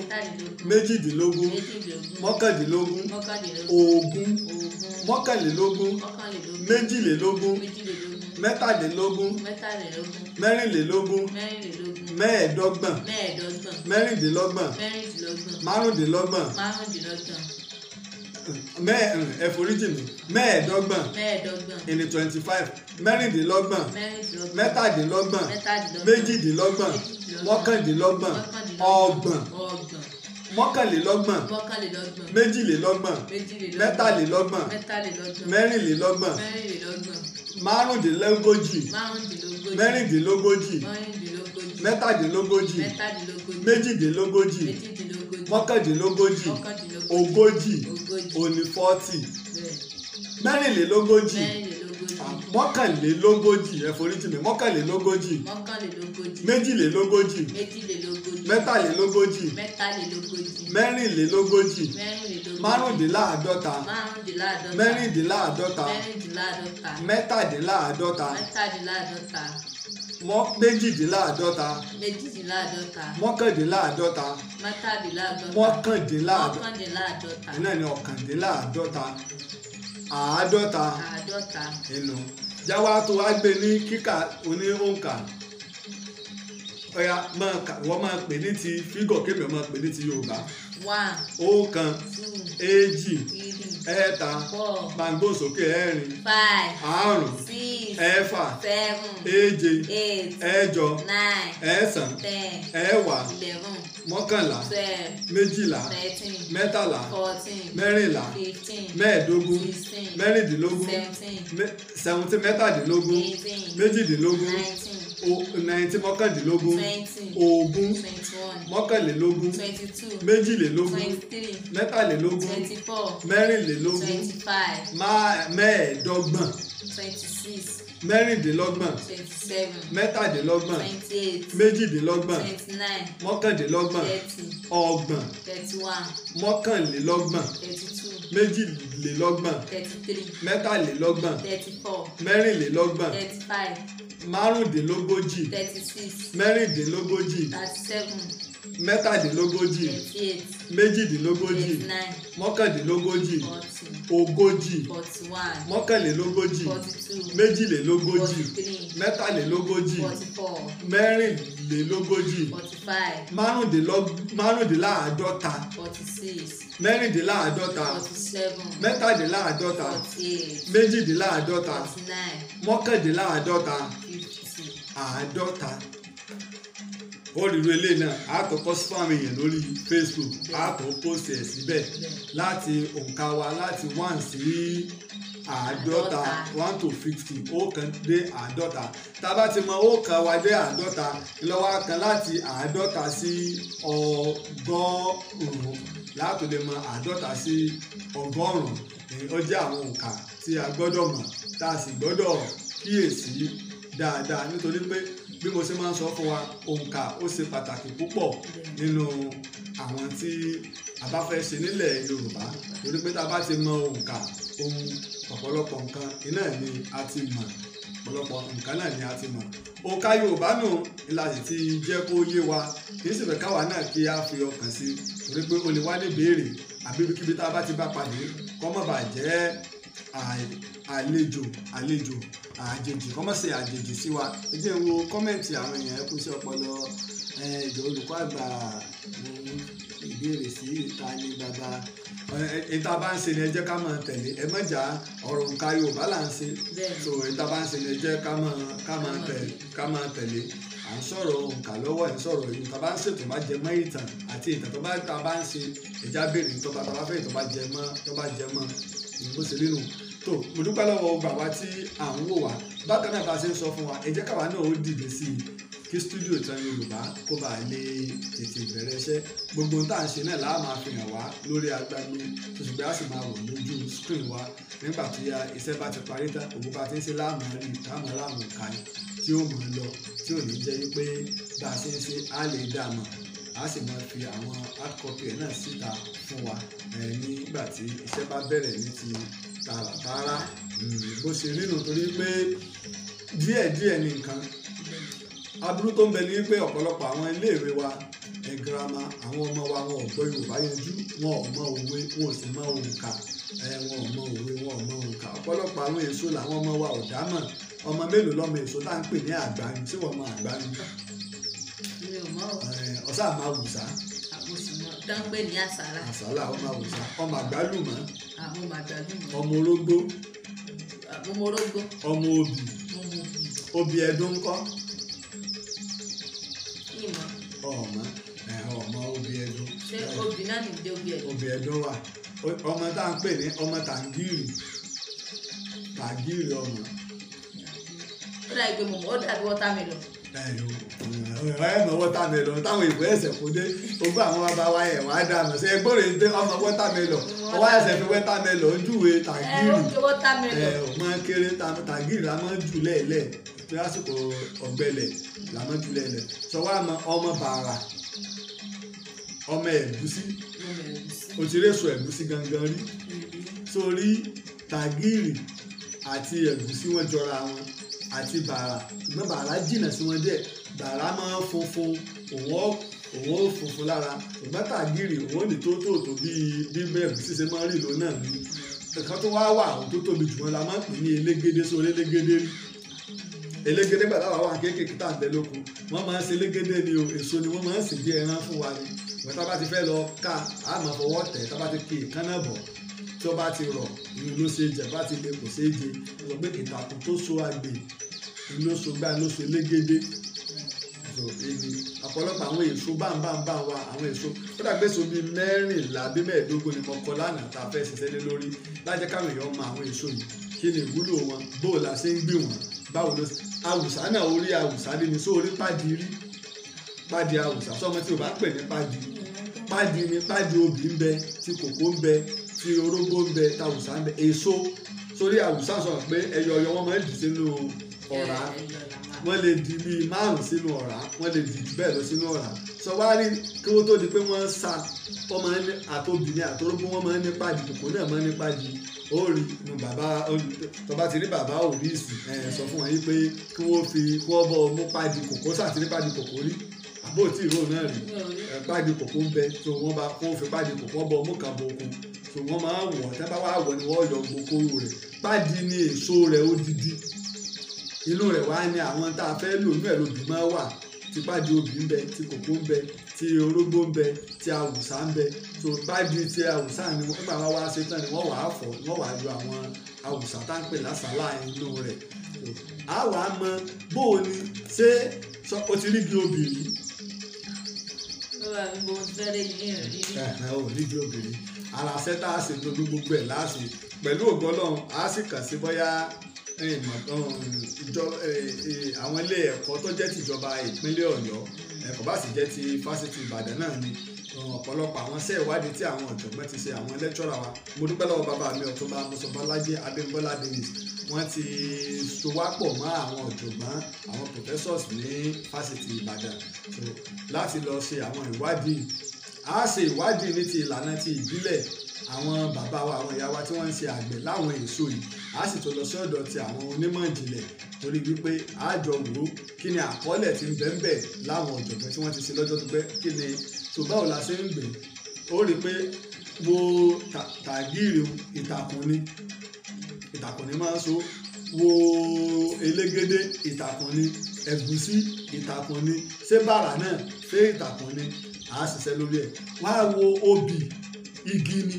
méjìdínlógún mọ́kàndínlógún ogún mọ́kànlélógún méjìlélógún mẹ́tàlélógún mẹ́tàlélógún mẹ́rìnlélógún mẹ́rìnlélógún mẹ́ẹ̀ẹ́dọ́gbọ̀n mẹ́ẹ̀ẹ́dọ́gbọ̀n mẹ́rìndínlọ́gbọ̀n mẹ́rìndínlọ́gbọ̀n márùndínlọ́gbọ̀n márùndínlọ́gbọ̀n mẹ́ẹ̀ ẹ̀foríjì mi mẹ́ẹ̀ẹ́dọ́gbọ̀n mẹ́ẹ̀ẹ́dọ́gbọ̀n ìní twenty five mẹ́rìndínlọ́gbọ̀n mẹ́rìndínlọ́gbọ̀n mẹ́tàdínlọ́gbọ̀n mẹ́tàdínlọ́gbọ̀n méjìdínlọ́gbọ̀n mọ́kàndínlọ́gbọ̀n ọgbọ̀n ọgbọ̀n mọ́kànlélọ́gbọ̀n méjìlélọ́gbọ̀n mẹ́tàlélọ́gbọ̀n mẹ́rìnlélọ́gbọ̀n márùndínlógójì mẹ́rìndínlógójì mẹ́tàdínlógójì méjìdínlógójì mọ́kàndínlógójì ogójì òní fọ́tì mẹ́rìnlélógójì mọ́kànlélógójì ẹ forí tì mí mọ́kànlélógójì méjìlélógójì mẹ́tàlélógójì mẹ́tàlélógójì mẹ́rìnlélógójì mẹ́rìnlélógójì márùndínláàádọ́ta márùndínláàádọ́ta mẹ́rìndínláàádọ́ta mẹ́rìndínláàádọ́ta mẹ́tàdínláàádọ́ta mẹ́tàdínláàádọ́ta mọ méjìdínláàádọ́ta méjìdínláàádọ́ta mọ́kàndínláàádọ́ta mọ́kàndínláàádọ́ta mọ́kàndínláàádọ́ta iná ni ọ̀kàndínláàádọ́ta àádọ́ta àádọ́ta ìlú jáwá tó wá gbé ní kíkà oní òǹkà ọ̀yà wọ́n máa pè ní ti fígọ̀ kébì máa pè ní ti yorùbá. one ọ̀kan èjì ẹ̀ẹ́ta gbàngbò sókè ẹ̀rin five àrùn six ẹ̀fà seven èje eight ẹ̀jọ nine ten eleven mọ́kànlá twelve méjìlá thirteen mẹ́tàlá fourteen mẹ́rìnlá fifteen sixteen mẹ́rìndínlógún seventeen mẹ́tàdínlógún eighteen méjìdínlógún nineteen nineteen mọ́kàndínlógún ogún mọ́kànlélógún méjìlélógún mẹ́tàlélógún mẹ́rìnlélógún mẹ́ẹ̀ẹ́dọ́gbọ̀n mẹ́rìndínlọ́gbọ̀n mẹ́tàdínlọ́gbọ̀n méjìdínlọ́gbọ̀n mọ́kàndínlọ́gbọ̀n ọgbọ̀n mọ́kànlélọ́gbọ̀n méjìlélọ́gbọ̀n mẹ́tàlélọ́gbọ̀n mẹ́rìnlélọ́gbọ̀n márùndínlógójì mẹ́rìndínlógójì mẹ́tàdínlógójì méjìdínlógójì mọ́kàndínlógójì ogójì mọ́kànlélógójì méjìlélógójì mẹ́tàlélógójì mẹ́rìnlélógójì márùndínláàádọ́ta mẹ́rìndínláàádọ́ta mẹ́tàdínláàádọ́ta méjìdínláàádọ́ta mọ́kàndínláàádọ́ta àádọ́ta ó rírú eléyìí náà a kò kọ́ spam èèyàn lórí Facebook a kò post ẹ̀ síbẹ̀ láti òǹkà wa láti one sí àádọ́ta one to fifty ọ̀kan dé àádọ́ta tá a bá ti mọ ọ̀kan wa dé àádọ́ta ìlọ́wọ́ kan láti àádọ́ta sí ọgọ́rùn-ún láti lè mọ àádọ́ta sí ọgọ́rùn-ún ó jẹ́ àwọn òǹkà tí a gbọ́dọ̀ mọ̀ tá a sì gbọ́dọ̀ kíyèsí dáadáa nítorí pé bí mo ṣe máa ń sọ fún wa òǹkà ó ṣe pàtàkì púpọ̀ nínú àwọn tí a bá fẹ́ ṣe nílẹ̀ Yorùbá torí pé tá a bá ti mọ òǹkà ohun ọ̀pọ̀lọpọ̀ nǹkan iná ni a ti mọ̀ ọ̀pọ̀lọpọ̀ nǹkan náà ni a ti mọ̀ òǹkà Yorùbá nù ìlàjì ti jẹ́ kó yé wa kì í sì fẹ́ káwa náà kí a fi ọkàn sí torí pé o lè wá ní ìbéèrè àbí ibikíbi tá a bá ti bá pàdé kọ́mọ̀bà jẹ́ àlejò àlejò àjèjì kọ́mọ̀ sí àjèjì sí wa ẹ jẹ́ wo kọ́mẹ̀ntì àwọn èèyàn ẹ kú sí ọpọlọ ìjọ olùkọ́ àgbà ìbéèrè sí ìta ní bàbá ìta bá ń ṣe ni ẹ jẹ́ ká máa tẹ̀lé ẹ mọ̀jà ọ̀rọ̀ nǹka Yorùbá là ń ṣe so ìta bá ń ṣe ni ẹ jẹ́ ká máa tẹ̀lé ká máa tẹ̀lé à ń sọ̀rọ̀ nǹka lọ́wọ́ ẹ̀ ń sọ̀rọ̀ yìí nǹkan bá ń ṣètò má jẹ mọ́ ìtàn àti ìtàn tó bá ta bá ń ṣe ẹja béèrè tó bá ta bá fẹ́ ìtàn bá jẹ mọ́ tó bá jẹ mọ́ ìbó tó mo dúpẹ́ lọ́wọ́ bàbá tí à ń wò wá bákan náà bá ṣe ń sọ fún wa ẹ jẹ́ náà ó dìde sí i kí studio Ìtàn Yorùbá kó bá lè tètè bẹ̀rẹ̀ iṣẹ́ gbogbo tá à ń ṣe náà láà máa fi hàn wá lórí agbágbé ṣùgbọ́n a sì máa wò lójú screen wa nígbà tó yá iṣẹ́ bá ti parí tán òun bá ti ń ṣe láàmú rí táwọn aláàmú ká tí ó mọ̀ ọ́ lọ tí ò ní jẹ́ wípé bá a ṣe ń ṣe á lè dá a mọ̀ a sì máa fi àwọn hard copy náà síta fún wa nígbà tí iṣẹ́ bá bẹ̀rẹ̀ ní ti tààràtààrà hmm, bó ṣe rí nù torí pé díẹ̀díẹ̀ ni nǹkan aburú tó ń bẹ ní pé ọ̀pọ̀lọpọ̀ àwọn iléèwé wa ẹ̀ girama àwọn ọmọ wa wọn ò gbọ́ Yorùbá yanjú wọn ò mọ òwe wọn ò sì mọ òǹkà wọn ò mọ òwe wọn ò mọ òǹkà ọ̀pọ̀lọpọ̀ àwọn èso làwọn ọmọ wa ò dámọ̀ ọmọ mélòó lọ́mọ èso tá à ń pè ní àgbáyé tí wọ́n mọ àgbáyé ọ̀sán àmàwùsá dánpẹ́ ní àsálà. àsálà ah, ọmọ àwùsá ọmọ àgbálùmọ̀. àwọn ọmọ àgbálùmọ̀. ọmọ orógbó. ọmọ orógbó. ọmọ obì. obì ẹ̀dùn ńkọ́. ìmọ̀. ọmọ ọmọ obì ẹ̀dùn. ṣé obì náà ní ìdí obì ẹ̀dùn. obì ẹ̀dùn wà ọmọ tá à ń pè ní ọmọ tàǹgìrì tàǹgìrì ọmọ. ó dàbí pé mọ̀mọ́ ó dàbí wọ́tá mi lọ ẹ̀rọ táwọn ìwé ẹ̀sẹ̀ kò dé ogún àwọn bàbá wa ẹ̀ wá dànù ṣe ẹgbọ́n rẹ̀ ń dé ọmọ wọ́tàmẹ́lọ̀ ọwọ́ ẹ̀sẹ̀ fi wọ́tàmẹ́lọ̀ ojúwe tàgírì ẹ̀ ọmọ kéré tàgírì la máa jù lẹ́ẹ̀lẹ́ pé lásìkò ọ̀gbẹ́lẹ̀ la máa jù lẹ́ẹ̀lẹ́ sọwọ́ àmọ́ ọmọ bàrà ọmọ ẹ̀gúsí òtíréṣù ẹ̀gúsí gangan rí mm-hmm. sórí tàgírì àti ẹ̀gúsí wọ́n jọra wọn àti bàrà ṣùgbọ́n bàrà jìnnà sí wọn díẹ̀ bàrà máa ń funfun òun òun ó funfun lára ṣùgbọ́n tàgìrì òun ò ní tó tòótọ́ bíi bí bẹ́ẹ̀ ṣíṣe máa ń rí ìlú náà ní nǹkan tó wá wà tó tóbi jù wọn la máa ń pè ní elégédé sórí elégédé elégédé gbà táwa wà kéékèèké tá à bẹ lóko wọn máa ń ṣe elégédé ni o èso ni wọn máa ń sìn bí ẹran fún wa ni ìwọ tábà ti fẹ́ lọ ká àmọ́ fọwọ́ tẹ̀ tábà ti pè kánná bọ̀ tí ó bá ti rọ̀ ìlú ló ṣe jẹ bá ti lè kò ṣe é jẹ sọ pé ìtàkùn tó so àgbè ìlú ló so gbá ló so légédé èso ebi ọ̀pọ̀lọpọ̀ àwọn èso báńbáńbá wa àwọn èso ó dàgbé èso bíi mẹ́rìnlá bíi mẹ́ẹ̀ẹ́dógún ni mo kọ lánàá tá a fẹ́ ṣiṣẹ́ lé lórí lájẹ́ káwọn èèyàn mọ àwọn èso yìí kí ni ìwúlò wọn bó la ṣe ń gbìn wọn báwo ló àwùsá náà orí àwùsá lé ní sóorí pàdí rí pàdí àwùsá sọmọ tí o bá pè ní pàdí pàdí ni pàdí obì ń bẹ ti kòkó ń bẹ tí orógbó ń bẹ tàwùsà ń bẹ èso sórí àwùsà sọ̀rọ̀ pé ẹyọ ọyọ wọn máa ń dì sínú ọ̀rá wọ́n lè di bíi márùn sínú ọ̀rá wọ́n lè di bẹ́ẹ̀ lọ sínú ọ̀rá sọ wá rí kí wọ́n tó di pé wọ́n sa wọ́n máa ń ní àtòbí ní àtòrógbó wọ́n máa ń nípa di kòkó náà máa ń nípa di ó rí nu bàbá tọba ti rí bàbá òrìṣì ẹ sọ fún wọn yìí pé kí wọ́n fi kí wọ́n bọ̀ mú pàdé kòkó sàtìrí pàdé kòkó rí àbó tí ìró náà rí pàdé kòkó ń bẹ tó wọ́n bá wọ́n fi pàdé kòkó bọ̀ mú kàn bọ̀ so wọ́n máa wọ̀ tẹ́ bá wà wọ̀ ni wọ́n yọ gbogbo rẹ̀ pádi ni èso rẹ̀ odidi inú rẹ̀ wá ní àwọn tá a fẹ́ lò inú ẹ̀ máa wà ti pádi obì ń bẹ ti kòkó ń bẹ ti orógbó ń bẹ ti àwùsá ń bẹ so pádi ti àwùsá ni wọ́n bá wá ṣe tán ni wọ́n wàá fọ̀ ni wàá yọ àwọn àwùsá tá ń pè lásàlá inú rẹ̀ a wàá mọ bó o ní ṣé o ti rí bí obì ó wà ní gbogbo fẹ́rẹ̀ yìí rí. ẹ ẹ ò rí bí obì ara ṣẹ́ tá a ṣe dojú gbogbo ẹ̀ láàṣì pẹ̀lú ògbọ́n náà a sì kàn sí bóyá àwọn ilé ẹ̀kọ́ tó jẹ́ tìjọba ìpínlẹ̀ ọ̀yọ́ ẹ̀kọ́ bá sì jẹ́ ti fásitì ìbàdàn náà ni ọ̀pọ̀lọpọ̀ àwọn iṣẹ́ ìwádìí tí àwọn ọ̀jọ̀gbọ́n ti ṣe àwọn lẹ́kítọ́rà wa mo dúpẹ́ lọ́wọ́ bàbá mi ọ̀túnba mùsùlùmọ́lájẹ́ abẹ́ńbọ́lá davis wọ́n ti sowápọ̀ mọ́ àwọn ọ̀jọ̀gbọ́n àwọn professors ní fásitì ìbàdàn láti lọ ṣe àwọn ìwádìí a ṣe ìwádìí ní ti ìlànà ti ìbílẹ̀ àwọn bàbá wa àwọn ìyá wa tí wọ́n ń ṣe àgbẹ̀ láwọn èso yìí a sì tó lọ sí ọ̀dọ̀ ti àwọn onímọ̀ ìjìnlẹ̀ torí wípé àjọ wò ó kí ni àkọọ́lẹ̀ ti ń bẹ́ẹ̀ bẹ́ẹ̀ láwọn ọ̀jọ̀gbọ́n tí wọ́n ti ṣe lọ́jọ́ tó pẹ́ kí ni tó báwo la ṣe ń gbìn ó rí i pé wo tàgíìrì ìtàkùn ni ìtàkùn ni máa ń so wo elégédé ìtàkùn ni ẹ̀gúsí ìtàkùn ni ṣé bàrà náà ṣé ìtàkùn ni a ṣiṣẹ́ lórí ẹ̀ wá wo obì igi ni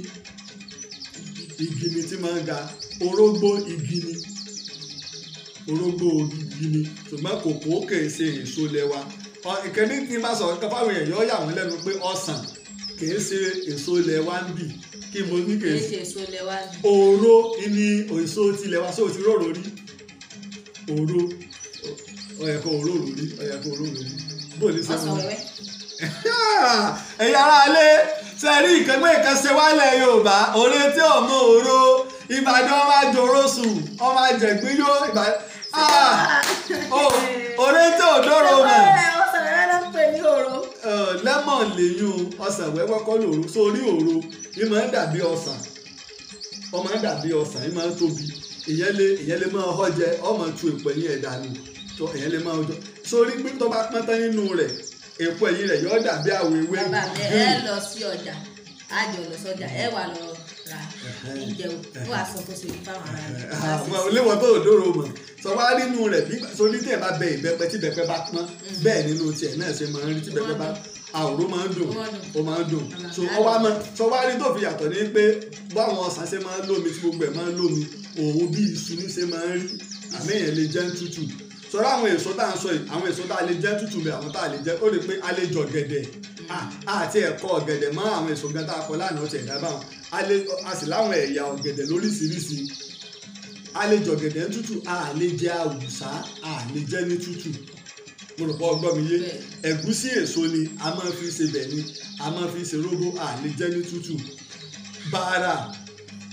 igi ni tí máa ń ga orógbó igi ni orógbó igi ni ṣùgbọ́n kòkó kìí ṣe èso lẹ́wà ìkẹ́ni tí n bá sọ nǹkan fáwọn èèyàn yọ yà wọ́n lẹ́nu pé ọsàn kìí ṣe èso lẹ́wà ń bì kí mo ní kìí ṣe èso lẹ́wà ń bì òró ni èso ti lẹ́wà sóò ti rọ̀rọ̀ rí òró ọ̀yẹ̀kọ̀ òró rí ọ̀yẹ̀kọ̀ òró rí bóyá ṣe mọ́ ẹ̀yin aráalé ṣe rí nǹkan pé nǹkan ṣe wálẹ̀ yorùbá òre tí ò mú òro ìbàdàn ọmọ àjòrò sùn ọmọ àjẹgbín yó ìbàdàn ah! òre tí ò dọ́rọ̀ mọ̀ lẹ́mọ̀n lèyún ọsàn wẹ́wẹ́ kọ́ lòrò sórí òro ìmọ̀ ń dàbí ọsàn ọmọ ń dàbí ọsàn ìmọ̀ ń tóbi ìyẹn lè ìyẹn lè máa họ jẹ ọmọ tu ìpẹ́yìn ẹ̀dá nù ìyẹn lè máa jọ sórí pé tó bá pọ́n nínú rẹ̀ èpo ẹ̀yìn rẹ̀ yọ ọ́ dàbí àwọ̀ ewé. bàbá mi ẹ lọ sí ọjà àjọ lọ sọjà ẹ wà lọ ra oúnjẹ ó wà sọ tó ṣe ní fáwọn ará rẹ. àwọn ah, olówó tó dòrò mọ sọ wá nínú rẹ bí sọlí tẹ bá bẹ ìbẹ́pẹ tí bẹ́pẹ bá pọ́n mm. bẹ́ẹ̀ nínú tiẹ̀ náà ṣe máa ń rí tí bẹ́pẹ bá àwòrán ah, máa ń dùn ó máa ń dùn so ọwọ́ àmọ́ sọ wá rí tó fi yàtọ̀ ní pé báwọn ọsàn ṣe máa ń lómi tí gbogbo ẹ̀ máa ń lómi òun bí iṣu ṣe máa ń rí àmì yẹn lè jẹ́ tútù sọ̀rọ̀ àwọn èso tá à ń sọ yìí àwọn èso tá a lè jẹ tútù bẹ àwọn tá a lè jẹ ó lè pé a lè jọ gẹ̀dẹ̀ àti ẹ̀kọ́ ọ̀gẹ̀dẹ̀ mọ́ àwọn èso gan tá a kọ lánàá ọ̀tẹ̀ ìdábà wọn a sì láwọn ẹ̀yà ọ̀gẹ̀dẹ̀ lóríṣiríṣi a lè jọ gẹ̀dẹ̀ tútù a lè jẹ àwùsá a lè jẹ ní tútù mo rò pé ọgbọ́n mi yé ẹ̀gúsí èso ni a máa fi ṣe bẹ̀ ni a máa fi ṣe rógó a lè jẹ ní tútù bàrà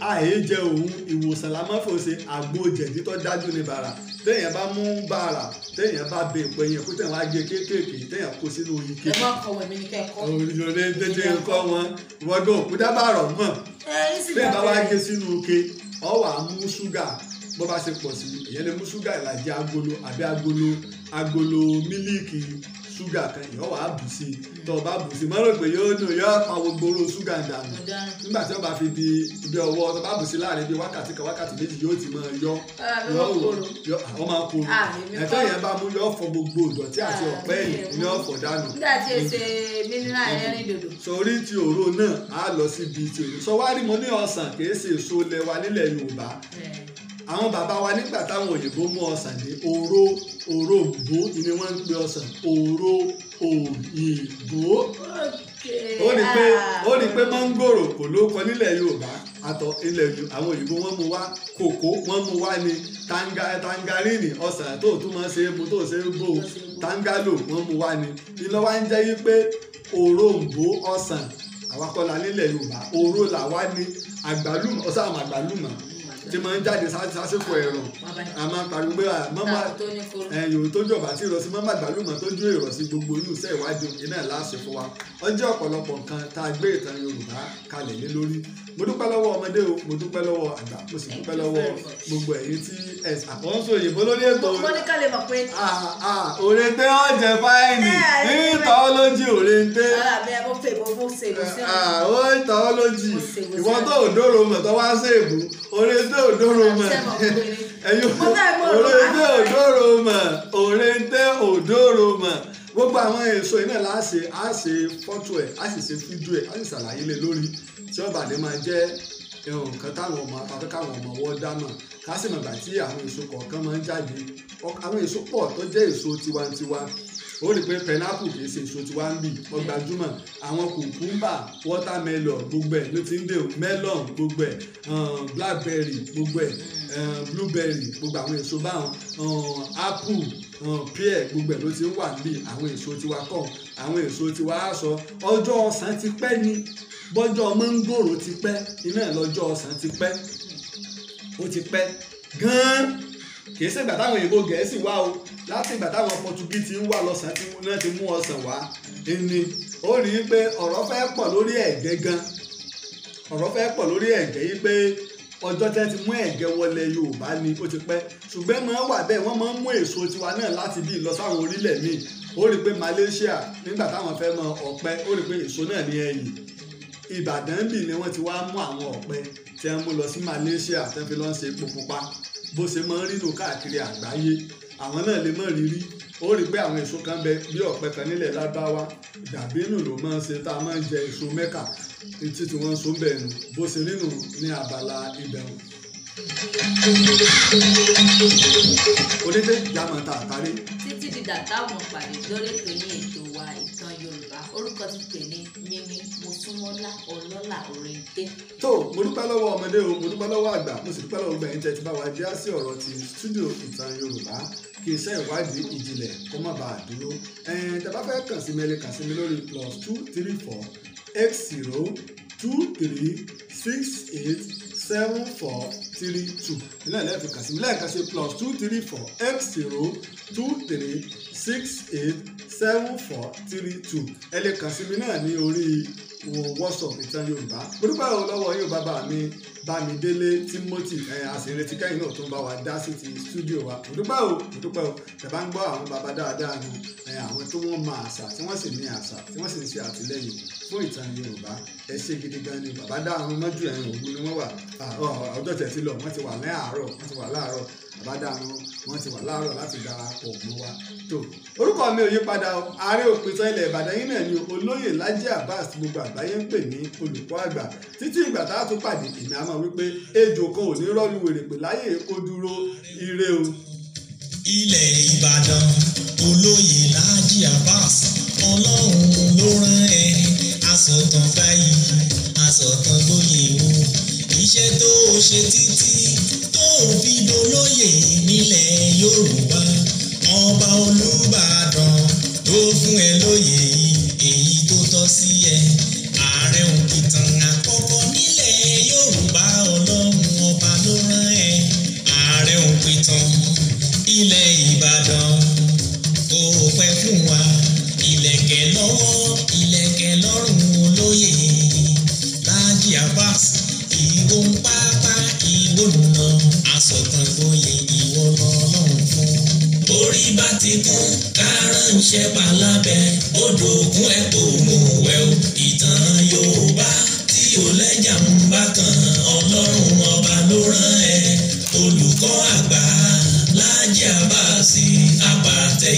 àìjẹ òun ìwòsàn la máa fòun ṣe àgbo jẹ̀dí tó dájú ní bàrà téèyàn bá mú bàrà téèyàn bá bẹ ìpè yẹn kó téèyàn wá gé kéékèèké téèyàn kó sínú oyin kéèké. ẹ má kọ wọn ní kẹkọ. olùdíje tètè ń kọ wọn wọdọ òkúta mọ téèyàn bá wá gé sínú oke ọ wà á mú ṣúgà bó bá ṣe pọ̀ sí ìyẹn lè mú ṣúgà ìlàjì agolo àbí agolo agolo mílíìkì ṣúgà kan ìyẹn wà á bù sí i tọ́ bá bù sí mọ́rò pé yóò dùn yóò pa gbogbo ṣúgà dànù nígbà tí wọ́n bá fi di ibi ọwọ́ tọ́ bá bù sí láàrin bíi wákàtí kan wákàtí méjì yóò ti máa yọ yọ àwọn máa kóró ah, ẹ̀fẹ́ yẹn bá mú yọ gbogbo ìdọ̀tí àti ah, ọ̀pẹ́ yìí ni yọ dànù. nígbà tí o ṣe mínírà ẹ̀rín dòdò. sọrí ti òró náà á lọ sí ibi tí òyìn sọ wá rí mo ní ọ̀sán kì í ṣe èso lẹwa nílẹ̀ Yorùbá àwọn bàbá wa nígbà táwọn òyìnbó mú ọsàn dé òró òró òbó ni wọ́n ń pe ọsàn òró òyìnbó. ó ní pé ah. ó ní pé mangoro. kò ló kọ nílẹ̀ yorùbá àtọ̀ ilẹ̀ yorùbá àwọn òyìnbó wọ́n mú wá kòkó wọ́n mú wá ní tangarini ọ̀sán tó tún máa ṣe é bu tó ṣe é bò tangalo wọ́n mú wá ní iná wá ń jẹ́ yí pé òroǹbó ọ̀sán àwa kọ́ la nílẹ̀ yorùbá òró làwa ní àgbálùmọ̀ ọ̀sán àmàgbálùmọ̀ tí máa ń jáde sásìkò ẹ̀rùn a máa ń pariwo pé mọ́mọ́ ẹ̀yìn tó jọba tí ìrọsí mọ́mọ́ àgbàlùmọ̀ tó jó ìrọsí gbogbo inú iṣẹ́ ìwádìí òun náà láṣẹ fún wa ọjọ́ ọ̀pọ̀lọpọ̀ nǹkan tá a gbé ìtàn Yorùbá kalẹ̀ lé lórí mo dúpẹ́ lọ́wọ́ ọmọdé o mo dúpẹ́ lọ́wọ́ àgbà mo sì dúpẹ́ lọ́wọ́ gbogbo ẹ̀yin tí ẹ àkóso òyìnbó lórí ètò rẹ̀. mo ní ká lè mọ̀ pé. Ah, ah, òrèǹté ọ̀jẹ̀ fáìní ìtọ́ lójì òrèǹté. Ah, ìtọ́ lójì ìwọ tó òdòrò mọ̀ tó wá sèbù òrèǹté òdòrò mọ̀ òrèǹté òdòrò mọ̀ òrèǹté òdòrò mọ̀ gbogbo àwọn èso iná là á ṣe fọ́tò ẹ̀ á sì ẹ̀ á lórí tí ọba àdé máa jẹ́ nǹkan táwọn ọmọ àtàtọ́ káwọn ọmọ wọ́n dámọ̀ ká sì mọ̀gbà tí àwọn èso kọ̀ọ̀kan máa ń jáde àwọn èso pọ̀ tó jẹ́ èso tiwantiwa ó rí pé pineapple kì í ṣe èso tiwa ń bì ó gbajúmọ̀ àwọn kùkúmbà watermelon gbogbo ẹ̀ ló ti ń dè melon gbogbo ẹ̀ blackberry gbogbo ẹ̀ blueberry gbogbo àwọn èso báwọn apple pear gbogbo ẹ̀ ló ti ń wà ń bì àwọn èso tiwa kọ̀ àwọn èso tiwa aṣọ ọjọ́ ọsàn ti pẹ́ ni bọ́jọ́ mọ́ngòrò ti pẹ́ iná lọ́jọ́ ọsàn ti pẹ́ ó ti pẹ́ gan-an kìí ṣègbà táwọn òyìnbó gẹ̀ẹ́sì wá o láti ìgbà táwọn pọtugí ti ń wà lọ́sàn tí náà ti mú ọsàn wá ni ó rí i pé ọ̀rọ̀ fẹ́ pọ̀ lórí ẹ̀gẹ́ gan ọ̀rọ̀ fẹ́ pọ̀ lórí ẹ̀gẹ́ yìí pé ọjọ́ tẹ́ ti mú ẹ̀gẹ́ wọlé Yorùbá ni ó ti pẹ́ ṣùgbọ́n máa wà bẹ́ẹ̀ wọ́n máa ń mú èso tiwa náà láti bí lọ sáwọn orílẹ̀ míì ó rí i pé Malaysia nígbà táwọn fẹ́ mọ ọ̀pẹ ó rí i pé èso náà ní ẹ̀yìn ìbàdàn bì ni wọ́n ti wá mú àwọn ọ̀pẹ tí wọ́n mú lọ sí Malaysia tí wọ́n fi lọ́n ṣe epo pupa bó ṣe máa ń rìnnà káàkiri àgbáyé àwọn náà lè mọ̀ rírí ó rí pé àwọn èso kan bẹ bí ọ̀pẹ kan nílẹ̀ lábáwá dàbínù ló máa ń ṣe tá a máa ń jẹ èso mẹ́kà etí tí wọ́n so bẹ́ẹ̀ nù bó ṣe nínú ní abala ìbẹ̀rù. onídé ìjà mọ̀ tá a parí. títí di dàtà wọn pàdé lórí ètò yìí ètò wa ìtàn Yorùbá orúkọ ti tèmi mímí mo súnmọ́lá ọlọ́lá òrèǹdé. tó mo dúpẹ́ lọ́wọ́ ọmọdé o mo dúpẹ́ lọ́wọ́ àgbà mo sì dúpẹ́ lọ́wọ́ gbẹ̀yìn tẹ́ ti bá wa já sí ọ̀rọ̀ ti stúdíò ìtàn yorùbá kí iṣẹ́ ìwádìí ìjìnlẹ̀ kó má bàa dúró tẹ́ fẹ́ kàn sí mi kàn sí mi lórí plus two three four x zero two three six eight seven four three two ilé ẹ̀lẹ́fì kà sí mi lẹ́ẹ̀kan sí plus two three four x zero two three six eight seven four three two ẹ lè kà sí mi náà ní orí wo wọ́sọ̀ ìtàn yorùbá mo dúpẹ́ lọ́wọ́ yóò bàbá mi bámidélé timothy ẹ̀ àṣìrètí kẹ́yìn náà tó ń bá wa dá sí ti stúdíò wa mo dúpẹ́ o mo dúpẹ́ o tẹ̀bá ń gbọ́ àwọn bàbá dáadáa nu ẹ̀ àwọn tó wọ́n mọ àṣà tí wọ́n sì ní àṣà tí wọ́n sì ń ṣe àtìlẹ́yìn fún ìtàn yorùbá ẹ ṣe gidi gan ni bàbá dá àwọn mọ́jú ẹ̀rùn ògùn ni wọ́n wà ọjọ́ tẹ̀ ti lọ wọ́n ti wà láàárọ̀ wọ́n ti wà láàárọ̀ bàbá dá àwọn wọ́n ti wà láàárọ̀ láti darapọ̀ mọ́ wa tó orúkọ mi ò yí padà ààrẹ òpìtàn ilẹ̀ ìbàdàn yín náà ni olóyè Laji Abbas gbogbo àgbáyé ń pè ní olùkọ́ àgbà títí ìgbà tá a tún pàdé èmi a wípé ejò kan ò ní rọ́ọ̀lù wèrè láyé kó dúró ire o. ilẹ̀ ìbàdàn olóyè Laji Abbas ọlọ́run ló rán ẹ asọ̀tàn fáyì asọ̀tàn gbóyè o iṣẹ́ tó o ṣe títí tó o fi dolóyè nílẹ̀ Yorùbá ọba Olúbàdàn ló fún ẹ lóyè èyí tó tọ́ sí ẹ ààrẹ òpìtàn àkọ́kọ́ nílẹ̀ Yorùbá ọlọ́run ọba ló rán ẹ ààrẹ òpìtàn ilẹ̀ Ìbàdàn ó pẹ́ fún wa ìlẹ̀kẹ̀ lọ́wọ́ ìlẹ̀kẹ̀ lọ́rùn olóyè. Sàdí Abbas ìwọ ń pápá ìwọ nùnà asọ̀tàngbòye ìwọ lọ́lọ́run fún. orí bá ti kún kárànṣẹ́ palábẹ́ odò òkun ẹ̀ kò mú wẹ̀ o ìtàn Yorùbá tí ò lẹ́jà ń bá kan Ọlọ́run ọba ló rán ẹ olùkọ́ àgbà Láàjì Abbas àpàtẹ.